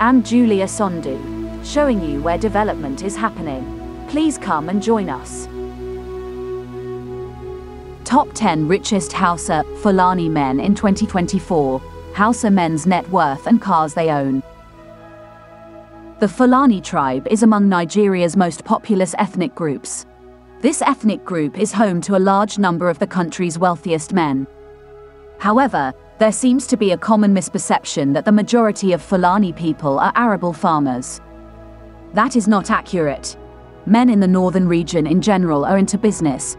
and Julia Sondu, showing you where development is happening. Please come and join us. Top 10 Richest Hausa Fulani Men in 2024 Hausa Men's Net Worth and Cars They Own. The Fulani tribe is among Nigeria's most populous ethnic groups. This ethnic group is home to a large number of the country's wealthiest men. However, there seems to be a common misperception that the majority of Fulani people are arable farmers. That is not accurate. Men in the northern region in general are into business.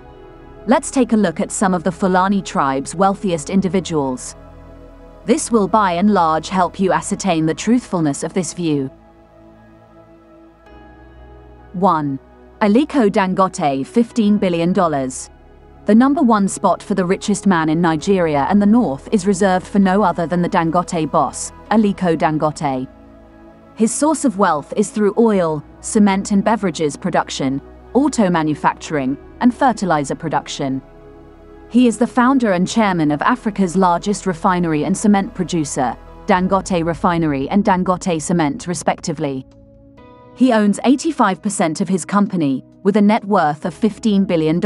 Let's take a look at some of the Fulani tribe's wealthiest individuals. This will by and large help you ascertain the truthfulness of this view. 1. Aliko Dangote $15 billion the number one spot for the richest man in Nigeria and the North is reserved for no other than the Dangote boss, Aliko Dangote. His source of wealth is through oil, cement and beverages production, auto manufacturing, and fertilizer production. He is the founder and chairman of Africa's largest refinery and cement producer, Dangote Refinery and Dangote Cement, respectively. He owns 85% of his company, with a net worth of $15 billion.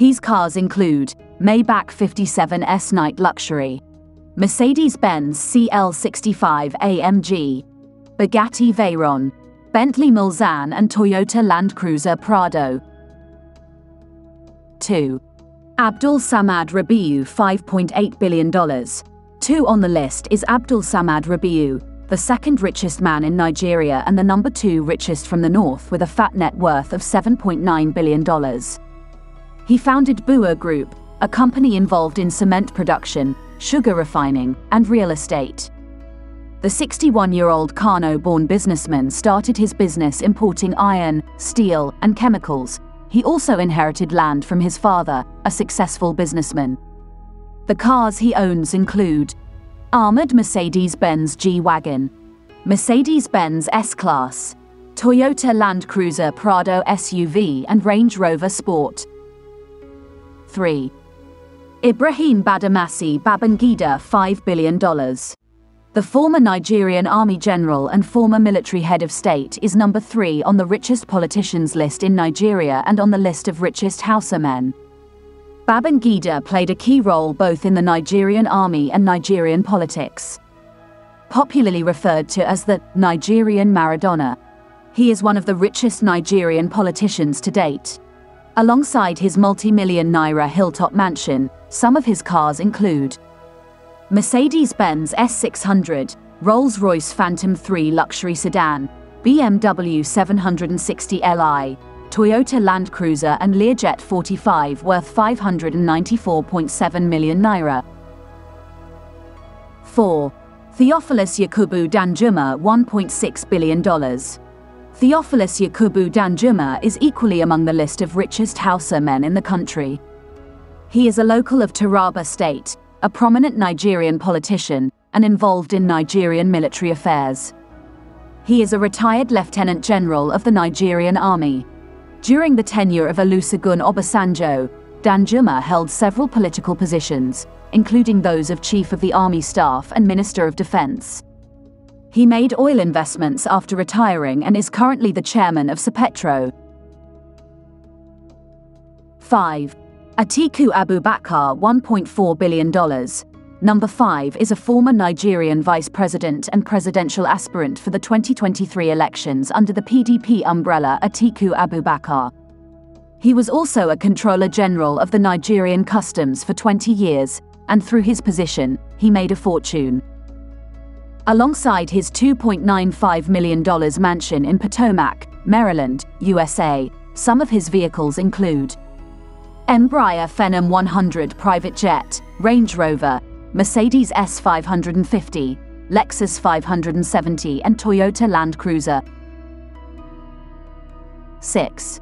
His cars include Maybach 57S Night Luxury, Mercedes-Benz CL65 AMG, Bugatti Veyron, Bentley Mulzan, and Toyota Land Cruiser Prado. 2. Abdul Samad Rabiu $5.8 billion. Two on the list is Abdul Samad Rabiu, the second richest man in Nigeria and the number two richest from the north with a fat net worth of $7.9 billion. He founded Bua Group, a company involved in cement production, sugar refining, and real estate. The 61-year-old Kano-born businessman started his business importing iron, steel, and chemicals. He also inherited land from his father, a successful businessman. The cars he owns include Armored Mercedes-Benz G-Wagon, Mercedes-Benz S-Class, Toyota Land Cruiser Prado SUV and Range Rover Sport, 3. Ibrahim Badamasi Babangida $5 billion. The former Nigerian army general and former military head of state is number three on the richest politicians list in Nigeria and on the list of richest Hausa men. Babangida played a key role both in the Nigerian army and Nigerian politics. Popularly referred to as the Nigerian Maradona, he is one of the richest Nigerian politicians to date. Alongside his multi-million Naira hilltop mansion, some of his cars include Mercedes-Benz S600, Rolls-Royce Phantom 3 luxury sedan, BMW 760 Li, Toyota Land Cruiser and Learjet 45 worth 594.7 million naira. 4. Theophilus Yakubu Danjuma $1.6 billion. Theophilus Yakubu Danjuma is equally among the list of richest Hausa men in the country. He is a local of Taraba State, a prominent Nigerian politician, and involved in Nigerian military affairs. He is a retired lieutenant general of the Nigerian army. During the tenure of Olusegun Obasanjo, Danjuma held several political positions, including those of Chief of the Army Staff and Minister of Defense. He made oil investments after retiring and is currently the chairman of Sepetro. 5. Atiku Abubakar $1.4 billion. Number 5 is a former Nigerian vice president and presidential aspirant for the 2023 elections under the PDP umbrella Atiku Abubakar. He was also a Controller General of the Nigerian Customs for 20 years, and through his position, he made a fortune alongside his $2.95 million mansion in Potomac, Maryland, USA. Some of his vehicles include Embraer Phenom 100 private jet, Range Rover, Mercedes S550, Lexus 570 and Toyota Land Cruiser. 6.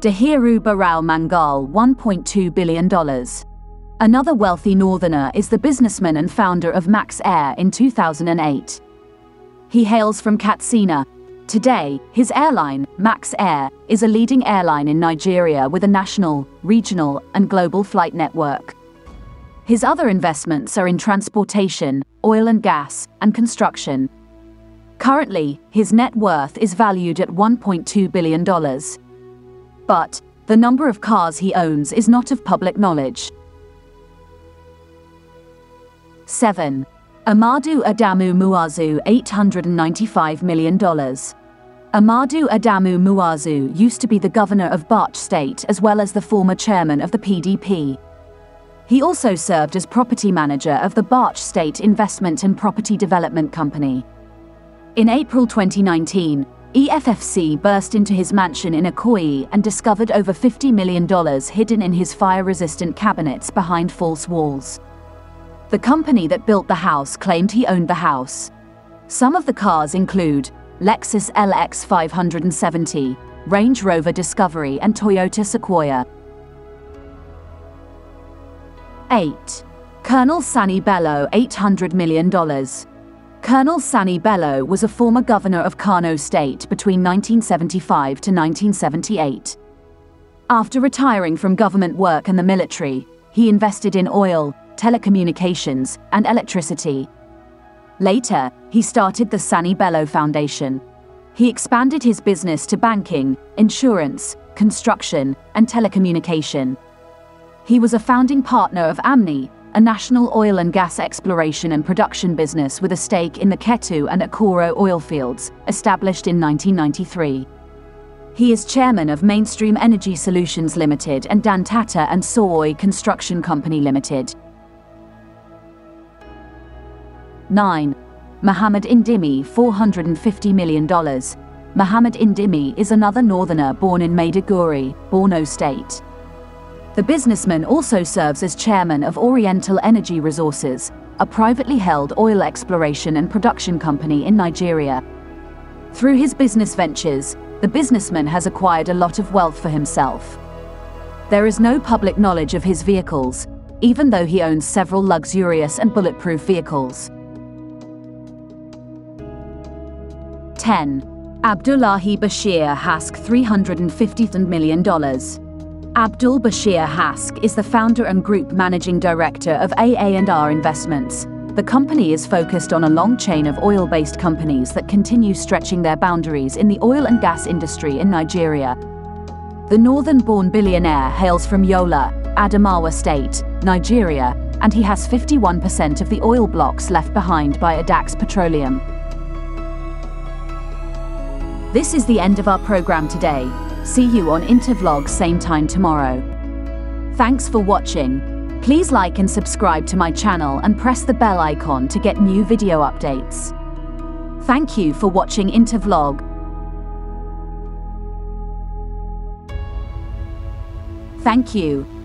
Dahiru Barao Mangal $1.2 billion Another wealthy northerner is the businessman and founder of Max Air in 2008. He hails from Katsina. Today, his airline, Max Air, is a leading airline in Nigeria with a national, regional, and global flight network. His other investments are in transportation, oil and gas, and construction. Currently, his net worth is valued at $1.2 billion. But, the number of cars he owns is not of public knowledge. 7. Amadu Adamu Muazu $895 million. Amadu Adamu Muazu used to be the governor of Barch State as well as the former chairman of the PDP. He also served as property manager of the Barch State Investment and Property Development Company. In April 2019, EFFC burst into his mansion in Akoi and discovered over $50 million hidden in his fire-resistant cabinets behind false walls. The company that built the house claimed he owned the house. Some of the cars include Lexus LX 570, Range Rover Discovery and Toyota Sequoia. 8. Colonel Sani Bello $800 million. Colonel Sani Bello was a former governor of Kano State between 1975 to 1978. After retiring from government work and the military, he invested in oil, telecommunications, and electricity. Later, he started the Sani Bello Foundation. He expanded his business to banking, insurance, construction, and telecommunication. He was a founding partner of AMNI, a national oil and gas exploration and production business with a stake in the Ketu and Akoro oil fields, established in 1993. He is chairman of Mainstream Energy Solutions Limited and Dantata and Soy Construction Company Limited. 9. Muhammad Indimi $450 million. Muhammad Indimi is another northerner born in Maiduguri, Borno State. The businessman also serves as chairman of Oriental Energy Resources, a privately held oil exploration and production company in Nigeria. Through his business ventures, the businessman has acquired a lot of wealth for himself. There is no public knowledge of his vehicles, even though he owns several luxurious and bulletproof vehicles. 10. Abdullahi Bashir Hask $350 million. Abdul Bashir Hask is the founder and group managing director of AA&R Investments. The company is focused on a long chain of oil-based companies that continue stretching their boundaries in the oil and gas industry in Nigeria. The northern-born billionaire hails from Yola, Adamawa State, Nigeria, and he has 51% of the oil blocks left behind by Adax Petroleum. This is the end of our program today. See you on Intervlog same time tomorrow. Thanks for watching. Please like and subscribe to my channel and press the bell icon to get new video updates. Thank you for watching Intervlog. Thank you.